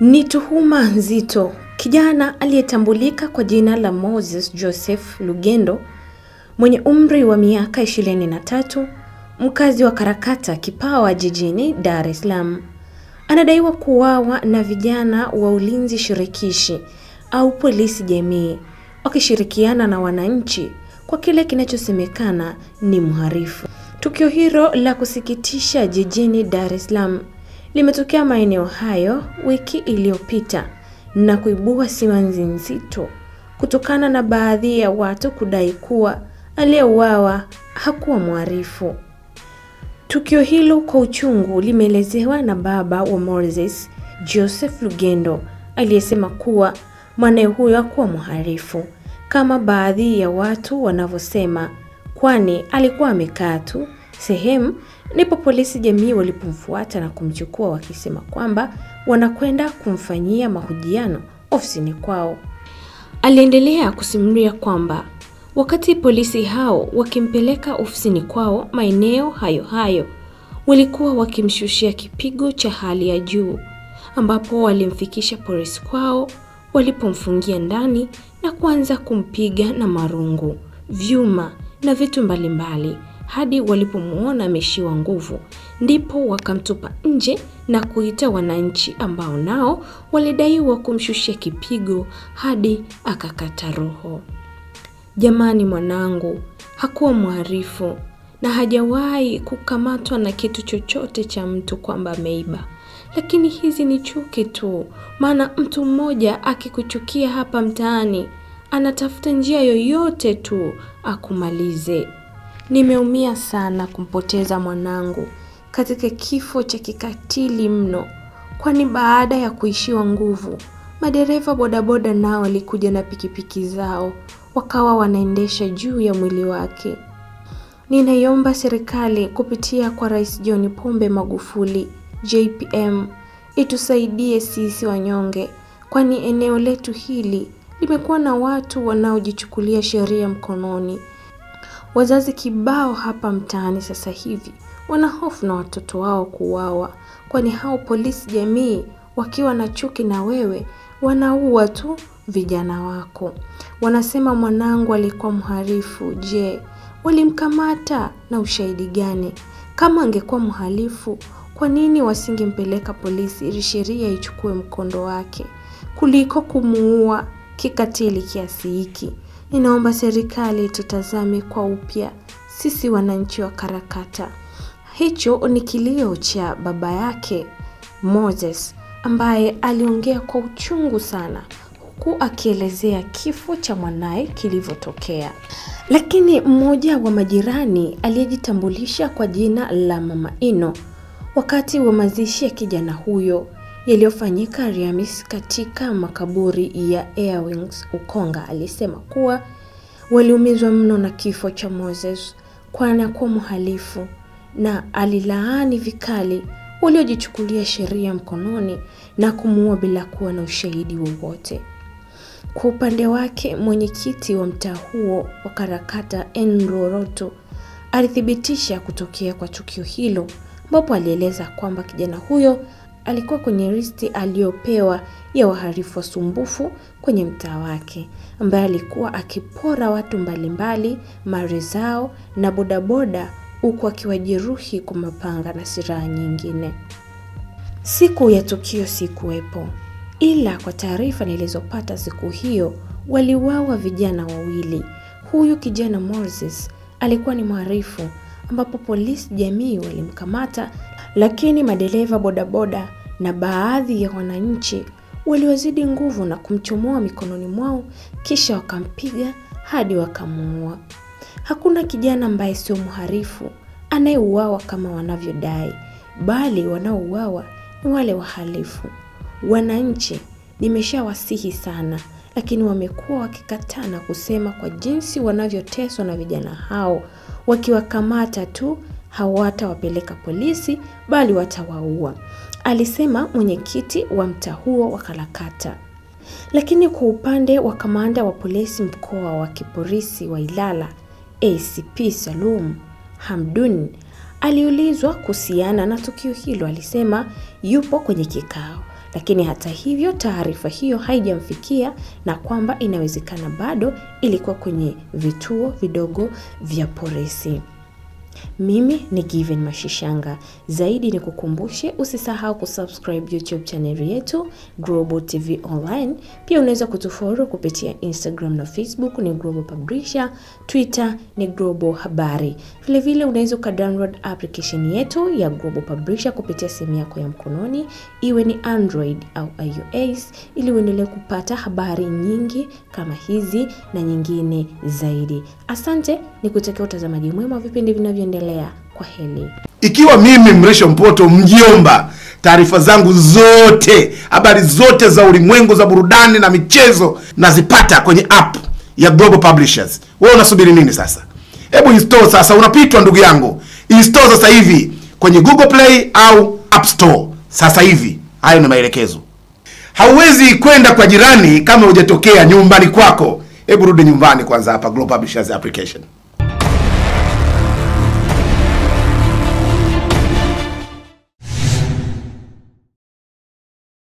Ni tuhuma nzito. Kijana aliyetambulika kwa jina la Moses Joseph Lugendo mwenye umri wa miaka 23, mkazi wa Karakata Kipawa jijini Dar es Salaam, anadaiwa kuuawa na vijana wa ulinzi shirikishi au polisi jamii wakishirikiana na wananchi kwa kile kinachosemekana ni mhalifu. Tukio hilo la kusikitisha jijini Dar es Salaam limetokea maeneo hayo wiki iliyopita na kuibua simanzi nzito kutokana na baadhi ya watu kudai kuwa aliyeuawa hakuwa mwarifu. Tukio hilo kwa uchungu limeelezewa na baba wa Moses Joseph Lugendo aliyesema kuwa mwanaye huyo hakuwa mharifu kama baadhi ya watu wanavyosema, kwani alikuwa amekaa tu Sehemu ndipo polisi jamii walipomfuata na kumchukua wakisema kwamba wanakwenda kumfanyia mahojiano ofisini kwao. Aliendelea kusimulia kwamba wakati polisi hao wakimpeleka ofisini kwao maeneo hayo hayo, walikuwa wakimshushia kipigo cha hali ya juu, ambapo walimfikisha polisi kwao walipomfungia ndani na kuanza kumpiga na marungu, vyuma na vitu mbalimbali mbali hadi walipomwona ameshiwa nguvu, ndipo wakamtupa nje na kuita wananchi ambao nao walidaiwa kumshushia kipigo hadi akakata roho. Jamani, mwanangu hakuwa mwarifu na hajawahi kukamatwa na kitu chochote cha mtu kwamba ameiba, lakini hizi ni chuki tu, maana mtu mmoja akikuchukia hapa mtaani anatafuta njia yoyote tu akumalize. Nimeumia sana kumpoteza mwanangu katika kifo cha kikatili mno, kwani baada ya kuishiwa nguvu, madereva bodaboda nao walikuja na pikipiki zao, wakawa wanaendesha juu ya mwili wake. Ninaiomba serikali kupitia kwa Rais John Pombe Magufuli JPM itusaidie sisi wanyonge, kwani eneo letu hili limekuwa na watu wanaojichukulia sheria mkononi Wazazi kibao hapa mtaani sasa hivi wanahofu na watoto wao kuuawa, kwani hao polisi jamii wakiwa na chuki na wewe wanaua tu vijana wako. Wanasema mwanangu alikuwa mhalifu. Je, walimkamata na ushahidi gani? Kama angekuwa mhalifu, kwa nini wasingempeleka polisi ili sheria ichukue mkondo wake kuliko kumuua kikatili kiasi hiki. Ninaomba serikali tutazame kwa upya sisi wananchi wa Karakata. Hicho ni kilio cha baba yake Moses ambaye aliongea kwa uchungu sana huku akielezea kifo cha mwanaye kilivyotokea. Lakini mmoja wa majirani aliyejitambulisha kwa jina la Mama Ino wakati wa mazishi ya kijana huyo yaliyofanyika Riamis katika makaburi ya Airwings Ukonga alisema kuwa waliumizwa mno na kifo cha Moses kwa anakuwa mhalifu na alilaani vikali waliojichukulia sheria mkononi na kumuua bila kuwa na ushahidi wowote. Kwa upande wake, mwenyekiti wa mtaa huo wa Karakata Andrew Roto alithibitisha kutokea kwa tukio hilo ambapo alieleza kwamba kijana huyo alikuwa kwenye listi aliyopewa ya wahalifu wasumbufu kwenye mtaa wake, ambaye alikuwa akipora watu mbalimbali, mali zao na bodaboda, huku akiwajeruhi kwa mapanga na silaha nyingine. Siku ya tukio sikuwepo, ila kwa taarifa nilizopata siku hiyo waliuawa vijana wawili. Huyu kijana Moses alikuwa ni mhalifu ambapo polisi jamii walimkamata, lakini madereva bodaboda na baadhi ya wananchi waliozidi nguvu na kumchomoa mikononi mwao, kisha wakampiga hadi wakamuua. Hakuna kijana ambaye sio mharifu anayeuawa kama wanavyodai, bali wanaouawa ni wale wahalifu. Wananchi nimeshawasihi sana, lakini wamekuwa wakikataa na kusema kwa jinsi wanavyoteswa na vijana hao, wakiwakamata tu hawatawapeleka polisi, bali watawaua alisema mwenyekiti wa mtaa huo wa Kalakata. Lakini kwa upande wa kamanda wa polisi mkoa wa kipolisi wa Ilala ACP Salum Hamdun aliulizwa kuhusiana na tukio hilo, alisema yupo kwenye kikao, lakini hata hivyo taarifa hiyo haijamfikia na kwamba inawezekana bado ilikuwa kwenye vituo vidogo vya polisi. Mimi ni Given Mashishanga. Zaidi ni kukumbushe, usisahau kusubscribe YouTube channel yetu Global TV Online. Pia unaweza kutufollow kupitia Instagram na Facebook ni Global Publisher, Twitter ni Global Habari. Vilevile unaweza ukadownload application yetu ya Global Publisher kupitia simu yako ya mkononi, iwe ni Android au iOS, ili uendelee kupata habari nyingi kama hizi na nyingine zaidi. Asante, nikutakia utazamaji mwema wa vipindi vinavyo kwa heli. Ikiwa mimi Mrisho Mpoto mjiomba taarifa zangu zote, habari zote za ulimwengu, za burudani na michezo nazipata kwenye app ya Global Publishers. Wewe unasubiri nini sasa? Hebu install sasa, unapitwa ndugu yangu. Install sasa hivi kwenye Google Play au App Store sasa hivi. Hayo ni maelekezo. Hauwezi kwenda kwa jirani kama hujatokea nyumbani kwako. Hebu rudi nyumbani kwanza, hapa Global Publishers application.